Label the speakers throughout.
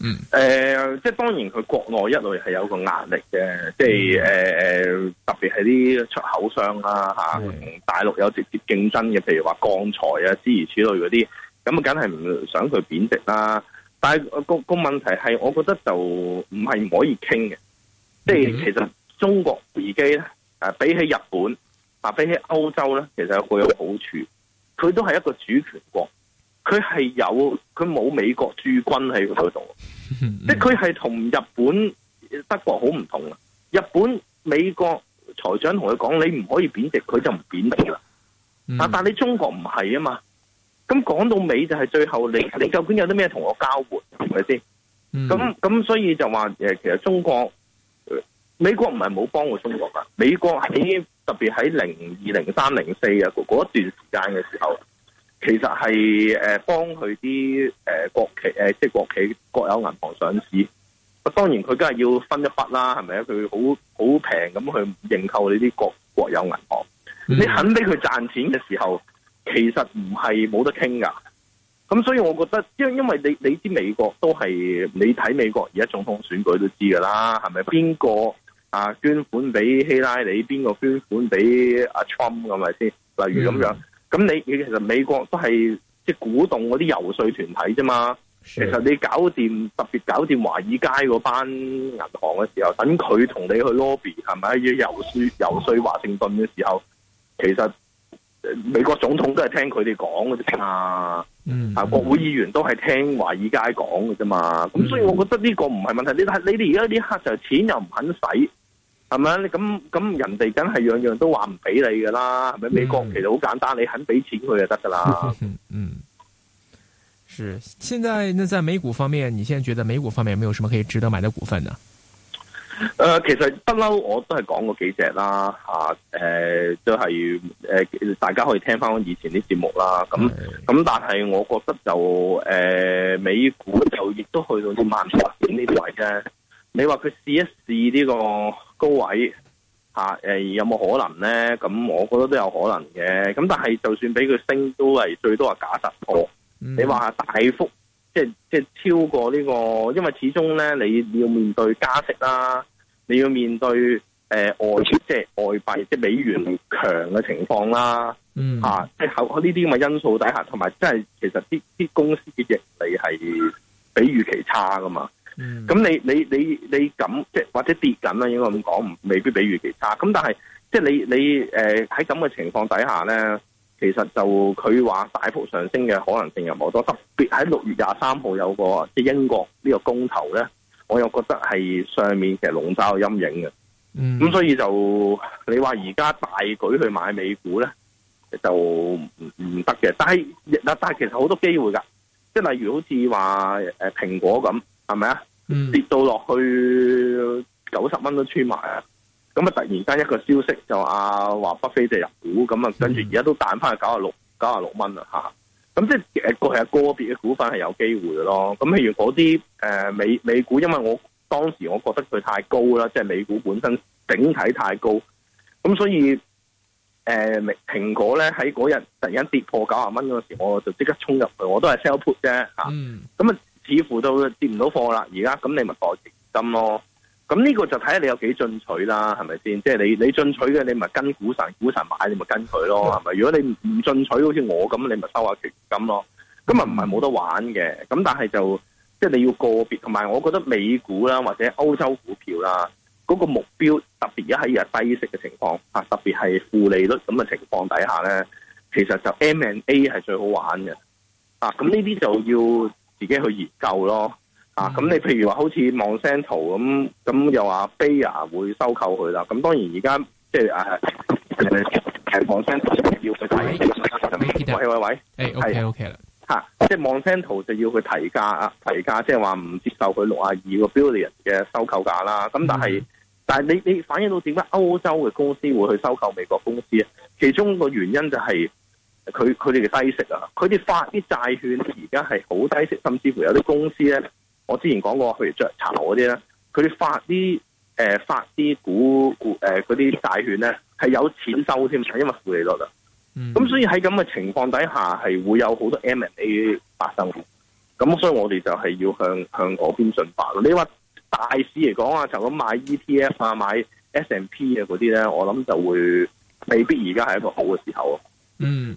Speaker 1: 嗯，誒、呃，即係當然佢國內一路係有一個壓力嘅，即係誒誒，特別係啲出口商啦吓，同、啊、大陸有直接競爭嘅，譬如話鋼材啊諸如此類嗰啲，咁啊，梗係唔想佢貶值啦。但係、呃、個個問題係，我覺得就唔係唔可以傾嘅，即、嗯、係其實中國而家誒比起日本啊，比起歐洲咧，其實佢有好處，佢都係一個主權國。佢係有，佢冇美國駐軍喺嗰度， 即係佢係同日本、德國好唔同啊！日本、美國財長同佢講，你唔可以貶值，佢就唔貶值啦。但但係你中國唔係啊嘛，咁講到尾就係最後，你你究竟有啲咩同我交換，係咪先？咁 咁，所以就話誒，其實中國美國唔係冇幫過中國噶，美國喺特別喺零二、零三、零四啊嗰段時間嘅時候。其實係誒幫佢啲誒國企誒即係國企國有銀行上市，當然佢梗係要分一筆啦，係咪啊？佢好好平咁去認購你啲國國有銀行，你肯俾佢賺錢嘅時候，其實唔係冇得傾噶。咁所以我覺得，因因為你你知美國都係你睇美國而家總統選舉都知噶啦，係咪？邊個啊捐款俾希拉里，邊個捐款俾阿 Trump 咁係咪先？例如咁樣。嗯咁你你其實美國都係即係鼓動嗰啲遊說團體啫嘛，其實你搞掂特別搞掂華爾街嗰班銀行嘅時候，等佢同你去 lobby 係咪要遊說遊說華盛頓嘅時候，其實美國總統都係聽佢哋講嘅啫嘛，啊、嗯嗯嗯、國會議員都係聽華爾街講嘅啫嘛，咁所以我覺得呢個唔係問題，你睇你哋而家呢刻就錢又唔肯使。係咪啊？你咁咁人哋，梗係樣樣都話唔俾你噶啦，係咪？美國其實好簡單，嗯、你肯俾錢佢就得噶啦。嗯，
Speaker 2: 是。現在呢，那在美股方面，你現在覺得美股方面有沒有什麼可以值得買的股份呢？誒、
Speaker 1: 呃，其實不嬲我都係講過幾隻啦，吓、啊，誒、呃，都係誒、呃，大家可以聽翻我以前啲節目啦。咁、嗯、咁，但係我覺得就誒、呃，美股就亦都去到啲萬八點呢啲位啫。你話佢試一試呢個高位吓，誒、啊呃、有冇可能咧？咁我覺得都有可能嘅。咁但係就算俾佢升，都係最多係假突破、嗯。你話大幅即係即係超過呢、這個，因為始終咧，你要面對加息啦，你要面對誒、呃、外即係外幣即係美元強嘅情況啦，吓、啊嗯、即係喺呢啲咁嘅因素底下，同埋即係其實啲啲公司嘅盈利係比預期差㗎嘛。咁、嗯、你你你你咁即係或者跌緊啦，應該咁講，未必比預期差。咁但係即係你你誒喺咁嘅情況底下咧，其實就佢話大幅上升嘅可能性又冇多，特別喺六月廿三號有個即係英國呢個公投咧，我又覺得係上面其實籠罩有陰影嘅。咁、嗯、所以就你話而家大舉去買美股咧，就唔唔得嘅。但係嗱，但係其實好多機會噶，即係例如好似話誒蘋果咁，係咪啊？嗯、跌到落去九十蚊都穿埋啊！咁啊，突然間一個消息就話話畢菲特入股，咁啊，跟住而家都彈翻去九十六九十六蚊啦吓！咁即係誒，個係個別嘅股份係有機會嘅咯。咁譬如嗰啲誒美美股，因為我當時我覺得佢太高啦，即、就、係、是、美股本身整體太高，咁所以誒蘋、呃、果咧喺嗰日突然跌破九十蚊嗰時，我就即刻衝入去，我都係 sell put 啫吓，咁、嗯、啊。似乎都跌唔到貨啦，而家咁你咪袋權金咯。咁呢個就睇下你有幾進取啦，係咪先？即係你你進取嘅，你咪跟股神股神買，你咪跟佢咯，係咪？如果你唔進取，好似我咁，你咪收下權金咯。咁啊唔係冇得玩嘅，咁但係就即係你要個別，同埋我覺得美股啦或者歐洲股票啦嗰個目標特別而家喺日低息嘅情況啊，特別係負利率咁嘅情況底下咧，其實就 M&A 係最好玩嘅啊。咁呢啲就要自己去研究咯，嗯、啊，咁你譬如話好似 Monsanto 咁，咁又話 Bayer 會收購佢啦。咁當然而家即係誒，誒、啊啊、，Monsanto 要佢提價。喂喂喂，誒、欸、，OK OK 啦，吓、啊，即係 Monsanto 就要佢提價啊，提價即係話唔接受佢六啊二個 billion 嘅收購價啦。咁但係、嗯，但係你你反映到點解歐洲嘅公司會去收購美國公司？其中個原因就係、是。佢佢哋嘅低息啊，佢哋發啲債券而家係好低息，甚至乎有啲公司咧，我之前講過譬如雀巢嗰啲咧，佢哋發啲誒、呃、發啲股股誒嗰啲債券咧係有錢收添，因為負利率啊。咁、嗯、所以喺咁嘅情況底下係會有好多 M and A 發生嘅。咁所以我哋就係要向向嗰邊進發咯。你話大市嚟講啊，就咁買 ETF 啊，買 S and P 啊嗰啲咧，我諗就會未必而家係一個好嘅時候啊。
Speaker 2: 嗯。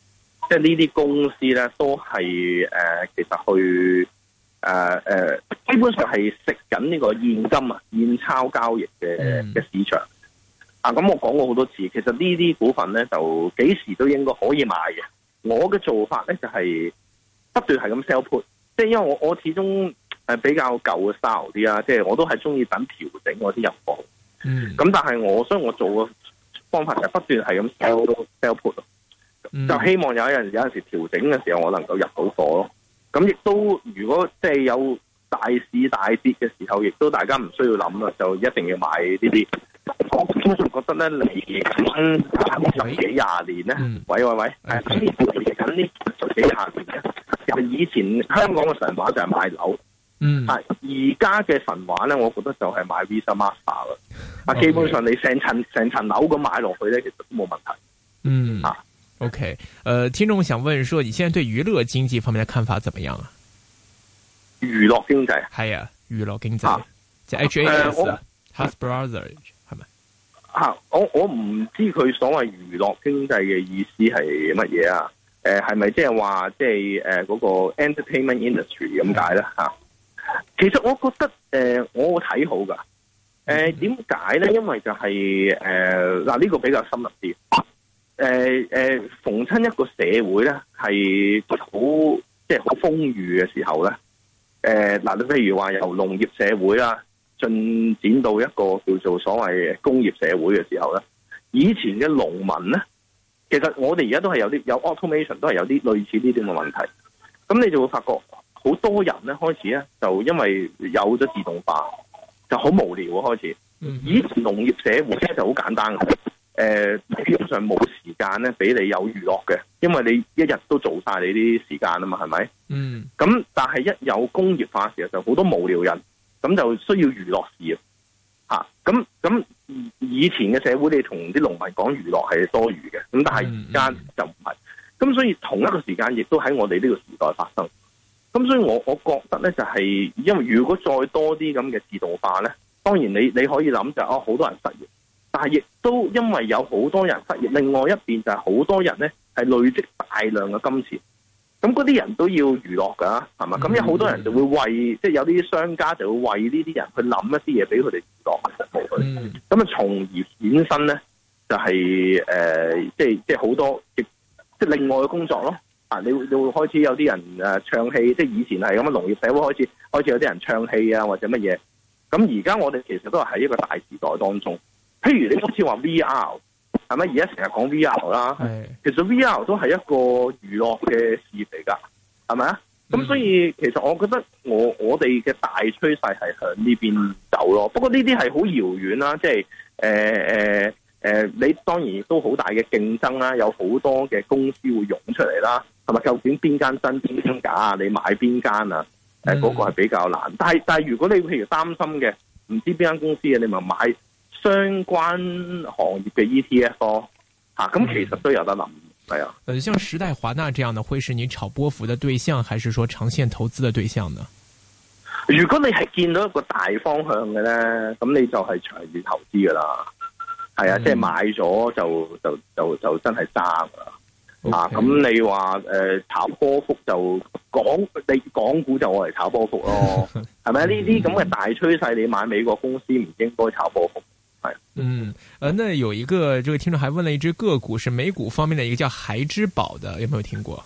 Speaker 1: 即係呢啲公司咧，都係誒，其實去誒誒、呃呃，基本上係食緊呢個現金啊、現鈔交易嘅嘅市場。Mm. 啊，咁我講過好多次，其實呢啲股份咧，就幾時都應該可以買嘅。我嘅做法咧就係不斷係咁 sell put，即係因為我我始終係比較舊嘅 style 啲啊，即係我都係中意等調整嗰啲入貨。嗯、mm.。咁但係我所以我做嘅方法就係不斷係咁 sell sell put。Mm -hmm. 就希望有人有陣時調整嘅時候，我能夠入到貨咯。咁亦都如果即係有大市大跌嘅時候，亦都大家唔需要諗啦，就一定要買呢啲。我通常覺得咧，嚟緊、啊、十幾廿年咧、mm -hmm.，喂喂喂，係嚟緊呢十幾廿年咧，其實以前香港嘅神話就係買樓，嗯、mm
Speaker 2: -hmm. 啊，係
Speaker 1: 而家嘅神話咧，我覺得就係買 VISA Master 啊，基本上你成層成層樓咁買落去咧，其實都冇問題，嗯、
Speaker 2: mm -hmm. 啊。OK，誒、呃，聽眾想問說，你現在對娛樂經濟方面嘅看法怎麼樣啊？
Speaker 1: 娛樂經濟
Speaker 2: 係啊，娛樂經濟即係 H A S，Hasbro 係咪？吓，我
Speaker 1: brother，啊是啊，我唔知佢所謂娛樂經濟嘅意思係乜嘢啊？誒、呃，係咪即係話即係誒嗰個 entertainment industry 咁解咧？吓、啊，其實我覺得誒、呃，我睇好噶。誒、呃，點解咧？因為就係誒嗱，呢、呃這個比較深入啲。誒、呃、誒、呃，逢親一個社會咧，係好即係好豐裕嘅時候咧。誒、呃，嗱，你譬如話由農業社會啦，進展到一個叫做所謂工業社會嘅時候咧，以前嘅農民咧，其實我哋而家都係有啲有 automation，都係有啲類似呢啲嘅問題。咁你就會發覺好多人咧，開始咧，就因為有咗自動化，就好無聊啊，開始。以前農業社會咧就好簡單誒、呃，基本上冇時間咧，俾你有娛樂嘅，因為你一日都做晒你啲時間啊嘛，係咪？嗯。咁但係一有工業化的時候，事實上好多無聊人，咁就需要娛樂事業。吓，咁咁以前嘅社會，你同啲農民講娛樂係多餘嘅，咁但係而家就唔係。咁、嗯嗯、所以同一個時間，亦都喺我哋呢個時代發生。咁所以我我覺得咧，就係、是、因為如果再多啲咁嘅自動化咧，當然你你可以諗就是、哦，好多人失業。但係亦都因為有好多人失業，另外一邊就係好多人咧係累積大量嘅金錢，咁嗰啲人都要娛樂噶，係嘛？咁有好多人就會為，即係有啲商家就會為呢啲人去諗一啲嘢俾佢哋娛樂，咁啊，從而衍生咧就係誒，即係即係好多，即係另外嘅工作咯。啊，你會你會開始有啲人誒唱戲，即係以前係咁啊，農業社會開始開始有啲人唱戲啊，或者乜嘢？咁而家我哋其實都係喺一個大時代當中。譬如你今次話 VR 係咪而家成日講 VR 啦？其實 VR 都係一個娛樂嘅事業嚟噶，係咪啊？咁所以其實我覺得我我哋嘅大趨勢係向呢邊走咯。不過呢啲係好遙遠啦，即係誒誒誒，你當然亦都好大嘅競爭啦，有好多嘅公司會湧出嚟啦，係咪？究竟邊間真邊間假啊？你買邊間啊？誒，嗰個係比較難。嗯、但係但係如果你譬如擔心嘅，唔知邊間公司啊，你咪買。相關行業嘅 E T F 咯，吓、啊、咁其實都有得諗，係啊。
Speaker 2: 誒，像時代華納這樣嘅，會是你炒波幅的對象，還是說長線投資的對象呢？
Speaker 1: 如果你係見到一個大方向嘅咧，咁你就係長線投資噶啦。係啊，嗯、即係買咗就就就就真係爭噶啦。Okay. 啊，咁你話誒、呃、炒波幅就講你港股就我嚟炒波幅咯，係咪啊？呢啲咁嘅大趨勢，你買美國公司唔應該炒波幅。
Speaker 2: 係，嗯，誒、呃，那有一個，這位、個、聽眾還問了一隻個股，是美股方面嘅一個叫孩之寶的，有冇有聽過？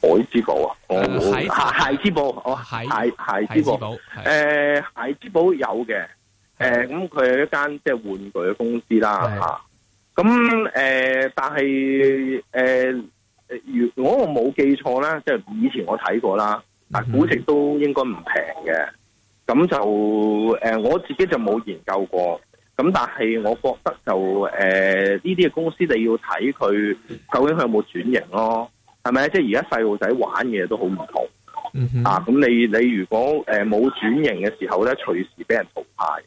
Speaker 1: 孩之寶啊，孩孩、呃、之寶，哦，孩孩之寶，誒、呃，孩之寶有嘅，誒，咁佢係一間即係玩具嘅公司啦，吓，咁、啊、誒、嗯呃，但係誒、呃，如果我冇記錯啦，即、就、係、是、以前我睇過啦，但是估值都應該唔平嘅。嗯咁就誒、呃，我自己就冇研究過。咁但係，我覺得就誒呢啲嘅公司，你要睇佢究竟佢有冇轉型咯，係咪？即係而家細路仔玩嘅都好唔同、mm -hmm. 啊！咁你你如果冇、呃、轉型嘅時候咧，隨時俾人淘汰。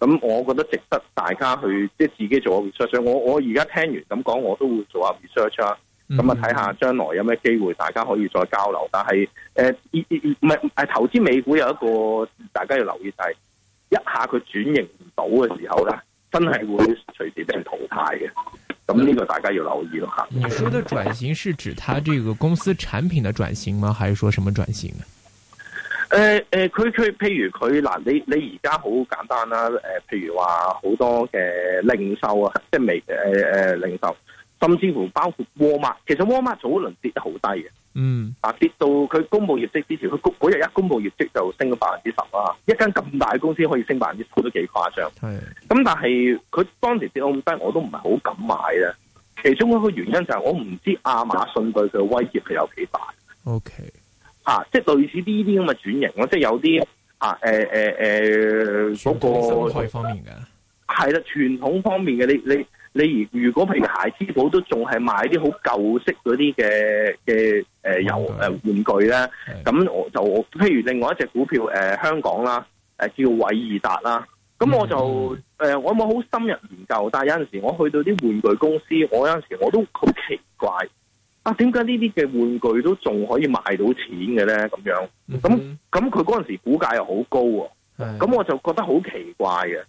Speaker 1: 咁我覺得值得大家去即係自己做下 research。我我而家聽完咁講，我都會做下 research 啊。咁、嗯、啊，睇下將來有咩機會，大家可以再交流。但係唔係、呃、投資美股有一個大家要留意就係，一下佢轉型唔到嘅時候咧，真係會隨時俾人淘汰嘅。咁呢個大家要留意咯嚇。你說的轉
Speaker 2: 型是指佢這個公司產品的轉型嗎？還是說什麼轉型呢？
Speaker 1: 誒佢佢譬如佢嗱，你你而家好簡單啦。譬如話好、呃、多嘅零售啊，即係微誒零售。甚至乎包括 Walmart，其實 Walmart 早輪跌得好低嘅，嗯，啊跌到佢公布業績之前，佢嗰日一公布業績就升咗百分之十啦，一間咁大嘅公司可以升百分之十都幾誇張。係，咁、嗯、但係佢當時跌咁低，我都唔係好敢買咧。其中一個原因就係我唔知道亞馬遜對佢嘅威脅係有幾大。O K，嚇，即係類似呢啲咁嘅轉型，即係有啲啊，誒誒誒嗰個生態方面嘅，係、啊、啦，傳統方面嘅，你你。你如果譬如孩之寶都仲係賣啲好舊式嗰啲嘅嘅誒遊誒玩具咧，咁我就譬如另外一隻股票誒、呃、香港啦，誒叫偉易達啦，咁我就誒、呃、我冇好深入研究，但係有陣時我去到啲玩具公司，我有陣時我都好奇怪啊，點解呢啲嘅玩具都仲可以賣到錢嘅咧？咁樣咁咁佢嗰陣時股價又好高喎、啊，咁我就覺得好奇怪嘅。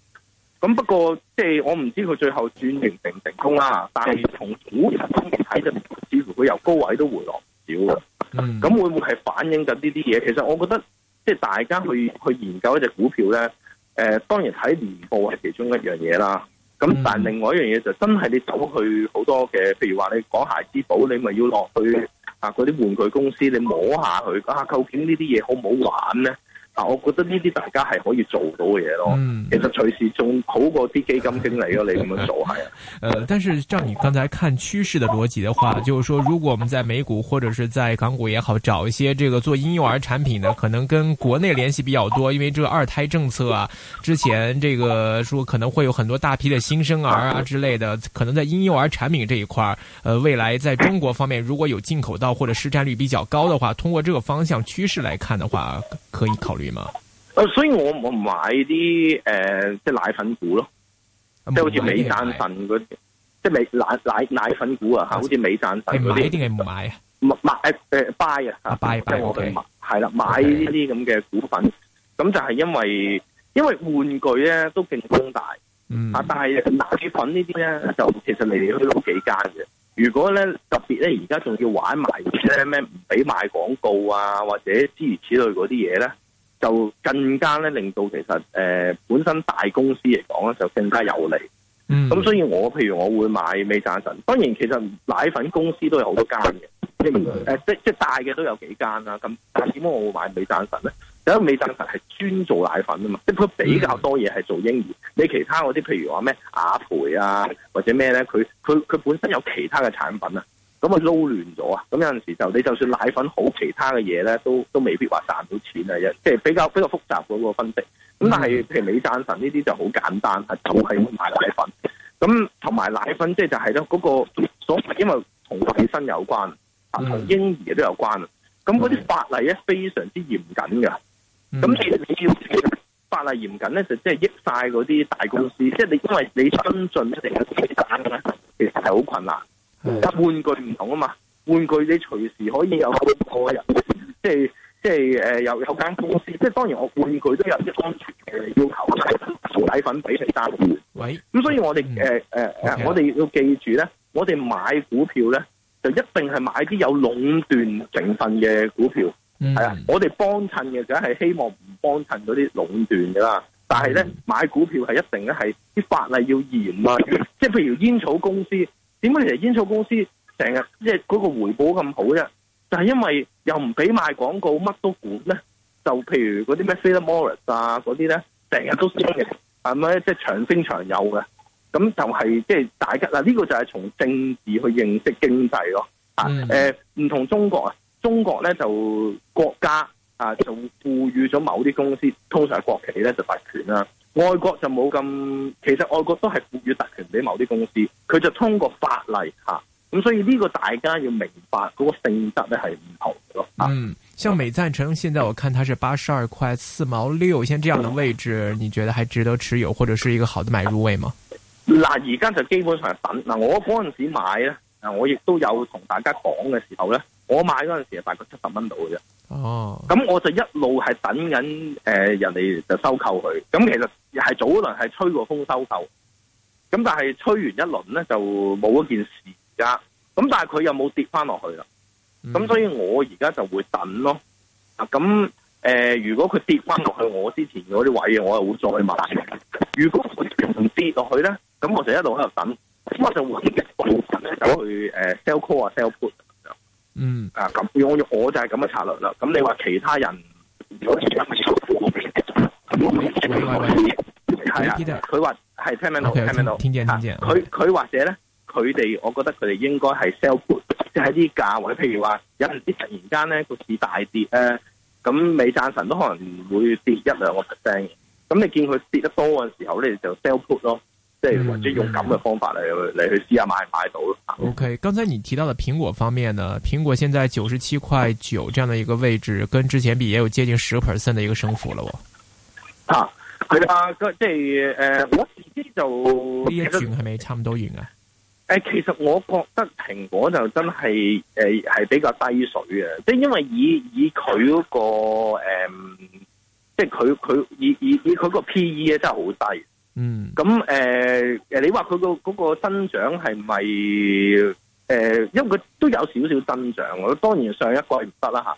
Speaker 1: 咁不過，即係我唔知佢最後轉型成唔成功啦、啊。但係從股價方面睇就，似乎佢由高位都回落唔少。咁、嗯、會唔會係反映緊呢啲嘢？其實我覺得，即係大家去去研究一隻股票咧，誒、呃、當然睇年報係其中一樣嘢啦。咁但另外一樣嘢就是、真係你走去好多嘅，譬如話你講孩子寶，你咪要落去啊嗰啲玩具公司，你摸下佢嚇、啊，究竟呢啲嘢好唔好玩咧？啊，我覺得呢啲大家係可以做到嘅嘢咯。嗯，其實隨時仲好過啲基金經理咯，你咁樣做
Speaker 2: 係啊。呃，但是照你剛才看趨勢的邏輯的話，就是說，如果我們在美股或者是在港股也好，找一些這個做嬰幼兒產品的，可能跟國內聯繫比較多，因為這個二胎政策啊，之前這個說可能會有很多大批的新生兒啊之類的，可能在嬰幼兒產品這一塊，呃，未來在中國方面如果有進口到或者市佔率比較高的話，通過這個方向趨勢來看的話，可以考慮。
Speaker 1: 啊，所以我我唔買啲誒、呃，即係奶粉股咯，即、啊、係、就是、好似美讚臣嗰啲，即係美奶奶奶粉股啊，吓，好似美讚臣。係啲？係唔買啊？買誒誒，buy 啊，buy，即係我去係啦，買啲咁嘅股份。咁、okay。就係因為因為玩具咧都競爭大、嗯，啊，但係奶粉呢啲咧就其實嚟嚟去都幾間嘅。如果咧特別咧而家仲要玩埋咩唔俾賣廣告啊，或者諸如此類嗰啲嘢咧。就更加咧令到其實誒、呃、本身大公司嚟講咧就更加有利，咁、嗯、所以我譬如我會買美讚臣。當然其實奶粉公司都有好多間嘅、嗯呃，即係誒即即大嘅都有幾間啦、啊。咁但點解我會買美讚臣咧？因為美讚臣係專做奶粉啊嘛，即係佢比較多嘢係做嬰兒。嗯、你其他嗰啲譬如話咩雅培啊或者咩咧，佢佢佢本身有其他嘅產品啊。咁啊撈亂咗啊！咁有陣時候就你就算奶粉好，其他嘅嘢咧都都未必話賺到錢啊！即係比較比較複雜嗰個分析。咁但係譬如美贊臣呢啲就好簡單，係就係、是、賣奶粉。咁同埋奶粉即係就係咧嗰個所謂，因為同衞生有關，同、mm -hmm. 啊、嬰兒都有關啊。咁嗰啲法例咧非常之嚴謹嘅。咁、mm、你 -hmm. 你要法例嚴謹咧，就即係益晒嗰啲大公司。即、就、係、是、你因為你新進一定要起爭咧，其實係好困難。啊！玩具唔同啊嘛，玩具你隨時可以有個人，即係即係誒、呃，有有間公司，即係當然我玩具都有啲安全嘅要求。奶粉俾佢揸住，
Speaker 2: 喂，
Speaker 1: 咁所以我哋誒誒，我哋要記住咧，我哋買股票咧就一定係買啲有壟斷成分嘅股票，係、嗯、啊，我哋幫襯嘅梗係希望唔幫襯嗰啲壟斷嘅啦，但係咧、嗯、買股票係一定咧係啲法例要嚴啊，嗯、即係譬如煙草公司。點解其實煙草公司成日即係嗰個回報咁好啫？就係因為又唔俾賣廣告，乜都管咧。就譬如嗰啲咩 Philip Morris 啊嗰啲咧，成日都升嘅，係咪即係長升長有嘅？咁就係即係大家嗱呢個就係從政治去認識經濟咯。啊，誒唔同中國啊，中國咧就國家啊就賦予咗某啲公司，通常係國企咧就發權啦。外國就冇咁，其實外國都係賦予特權俾某啲公司，佢就通過法例吓，咁所以呢個大家要明白嗰、那個性質咧係唔同嘅咯。
Speaker 2: 嗯，像美贊臣，現在我看它是八十二塊四毛六，先這樣的位置，嗯，你覺得還值得持有，或者是一個好的買入位嗎？
Speaker 1: 嗱、啊，而家就基本上等嗱，我嗰陣時買咧，我亦都有同大家講嘅時候咧。我買嗰陣時啊，大概七十蚊度嘅啫。哦，咁我就一路係等緊誒，人哋就收購佢。咁其實係早一輪係吹過風收購，咁但係吹完一輪咧就冇件事㗎。咁但係佢又冇跌翻落去啦，咁所以我而家就會等咯。咁誒，如果佢跌翻落去我之前嗰啲位，我又會再買。如果唔跌落去咧，咁我就一路喺度等，咁我就穩一部分就去誒 sell call 啊 sell put。嗯，啊咁，我我就係咁嘅策略啦。咁、嗯、你話其他人，好似今日咁，佢話係，係、嗯、啊，佢話係聽唔聽到？聽唔聽到？天正天正。佢佢、嗯、或者咧，佢哋我覺得佢哋應該係 sell put，即係啲價位。譬如話有陣時突然間咧個市大跌咧，咁、呃、美贊臣都可能會跌一兩個 percent 嘅。咁你見佢跌得多嘅時候咧，你就 sell put 咯。即係或者用咁嘅方法嚟、嗯，去嚟去試下買唔買
Speaker 2: 到咯。OK，剛才你提到嘅蘋果方面呢？蘋果現在九十七塊九這樣嘅一個位置，跟之前比也有接近十個 percent 嘅一個升幅了，我。
Speaker 1: 啊，係啊，即係誒、呃，我自己就跌均，係
Speaker 2: 咪差唔多完啊？
Speaker 1: 誒，其實我覺得蘋果就真係誒係比較低水啊，即係因為以以佢嗰、那個誒、呃，即係佢佢以以以佢個 PE 咧真係好低。嗯，咁誒誒，你話佢個嗰個增長係咪誒？因為佢都有少少增長，我當然上一季唔得啦吓。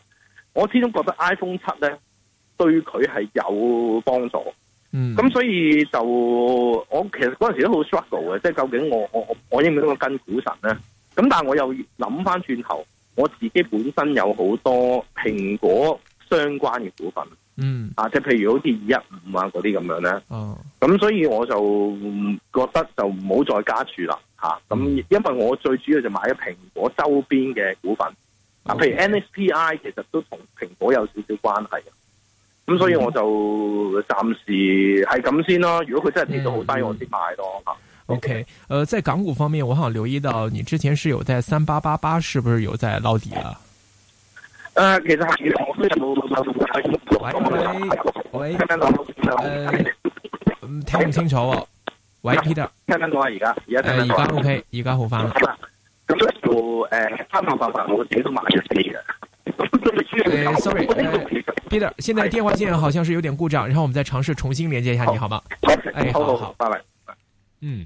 Speaker 1: 我始終覺得 iPhone 七咧對佢係有幫助。嗯，咁所以就我其實嗰陣時都好 struggle 嘅，即係究竟我我我應唔應該跟股神咧？咁但係我又諗翻轉頭，我自己本身有好多蘋果相關嘅股份。嗯，啊，即係譬如好似二一五啊嗰啲咁樣咧，哦，咁所以我就覺得就唔好再加注啦，吓、啊，咁因為我最主要就買咗蘋果周邊嘅股份，啊、哦，譬如 N S P I 其實都同蘋果有少少關係，咁、哦、所以我就暫時係咁先咯，如果佢真係跌到好低，嗯、我先買咯，吓、嗯。
Speaker 2: O K，誒，在港股方面，我好像留意到你之前是有在三八八八，是不是有在撈底啊？
Speaker 1: 誒，喂實非常喂，喂，呃、聽
Speaker 2: 唔聽到？清楚、哦。喂，Peter，聽
Speaker 1: 唔聽到啊？而家而家聽唔聽到？OK，而家好翻了。咁
Speaker 2: 我 sorry，Peter 現在電話線好像是有點故障，然後我們再嘗試重新連接一下你，你好嗎？
Speaker 1: 好，好好好，拜拜。嗯。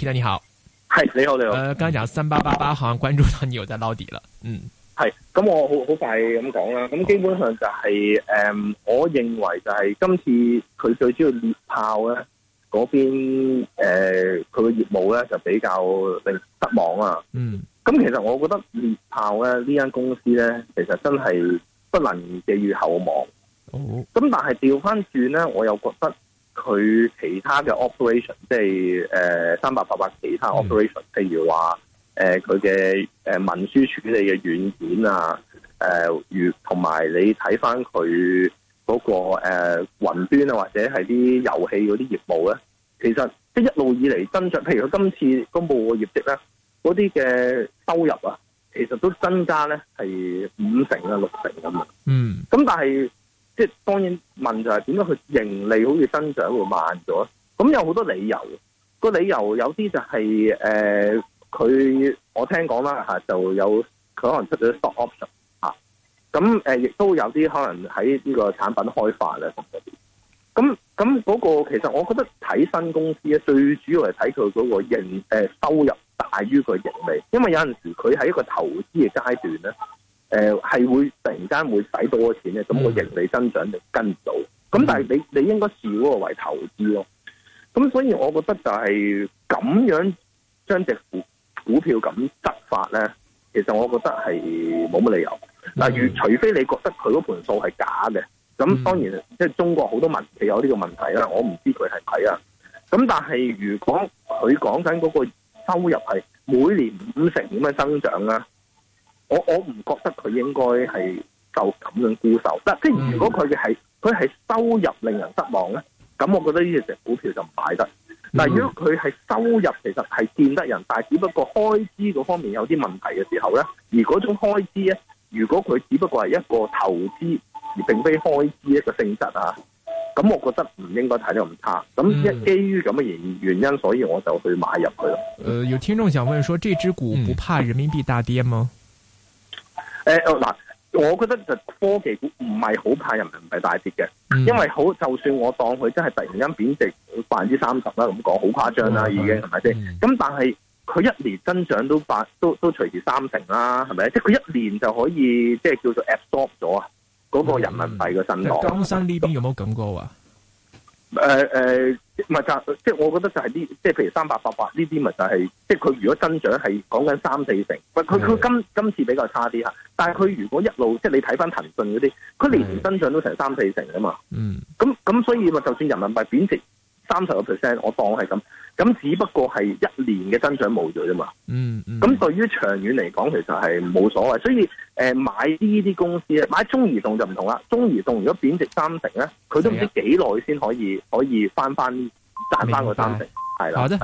Speaker 2: Peter，你好，係你好，你好。誒、呃，剛才講三八八八，好像關注到你有在撈底了。
Speaker 1: 嗯，係。咁、嗯、我好好快咁講啦。咁、嗯嗯、基本上就係、是、誒、呃，我認為就係今次佢最主要獵豹咧嗰邊誒，佢、呃、嘅業務咧就比較令失望啊。嗯。咁、嗯、其實我覺得獵豹咧呢間公司咧，其實真係不能寄予厚望。哦。咁但係調返轉咧，我又覺得。佢其他嘅 operation，即係誒、呃、三八八八其他嘅 operation，譬如話誒佢嘅誒文書處理嘅軟件啊，誒、呃，如同埋你睇翻佢嗰個誒雲、呃、端啊，或者係啲遊戲嗰啲業務咧，其實即係一路以嚟增長。譬如佢今次公布嘅業績咧，嗰啲嘅收入啊，其實都增加咧係五成啊六成咁啊。嗯。咁但係。即係當然問就係點解佢盈利好似增長會慢咗？咁有好多理由，個理由有啲就係、是、誒，佢、呃、我聽講啦吓，就有佢可能出咗 stock option 吓、啊，咁誒亦都有啲可能喺呢個產品開發啦。咁咁嗰個其實我覺得睇新公司咧，最主要係睇佢嗰個盈誒、啊、收入大於佢盈利，因為有陣時佢喺一個投資嘅階段咧。誒、呃，係會突然間會使多嘅錢咧，咁個盈利增長就跟唔到。咁、嗯、但係你你應該視嗰個為投資咯。咁所以我覺得就係咁樣將隻股股票咁執法咧，其實我覺得係冇乜理由。例如，除非你覺得佢嗰盤數係假嘅，咁當然即係中國好多民企有呢個問題啦。我唔知佢係咪啊。咁但係如果佢講緊嗰個收入係每年五成點樣增長啦。我我唔覺得佢應該係就咁樣沽售，嗱，即係如果佢嘅係佢係收入令人失望咧，咁我覺得呢隻股票就唔買得。但係如果佢係收入其實係見得人，但係只不過開支嗰方面有啲問題嘅時候咧，而嗰種開支咧，如果佢只不過係一個投資而並非開支一個性質啊，咁我覺得唔應該睇得咁差。咁一基於咁嘅原原因，所以我就去買入佢咯。誒、
Speaker 2: 呃，有聽眾想問說，說呢隻股不怕人民幣大跌嗎？嗯
Speaker 1: 誒，嗱，我覺得其實科技股唔係好怕人民幣大跌嘅，嗯，因為好就算我當佢真係突然間貶值百分之三十啦，咁講好誇張啦，已經係咪先？咁，嗯嗯，但係佢一年增長都百都都隨時三成啦，係咪？即係佢一年就可以即係叫做 absorb 咗啊，嗰個人民幣嘅增長，嗯。金
Speaker 2: 生呢邊有冇感覺啊？
Speaker 1: 誒、呃、誒，唔係就即係我覺得就係呢，即係譬如三百八百呢啲咪就係，即係佢如果增長係講緊三四成，唔係佢佢今今次比較差啲嚇，但係佢如果一路即係你睇返騰訊嗰啲，佢年年增長都成三四成啊嘛，嗯，
Speaker 2: 咁
Speaker 1: 咁所以咪就算人民幣貶值三十個 percent，我當係咁，咁只不過係一年嘅增長冇咗啫嘛。嗯，咁、嗯、對於長遠嚟講，其實係冇所謂。所以誒，買呢啲公司咧，買中移動就唔同啦。中移動如果貶值三成咧，佢都唔知幾耐先可以可以翻翻賺翻個三成。
Speaker 2: 係啦。好的。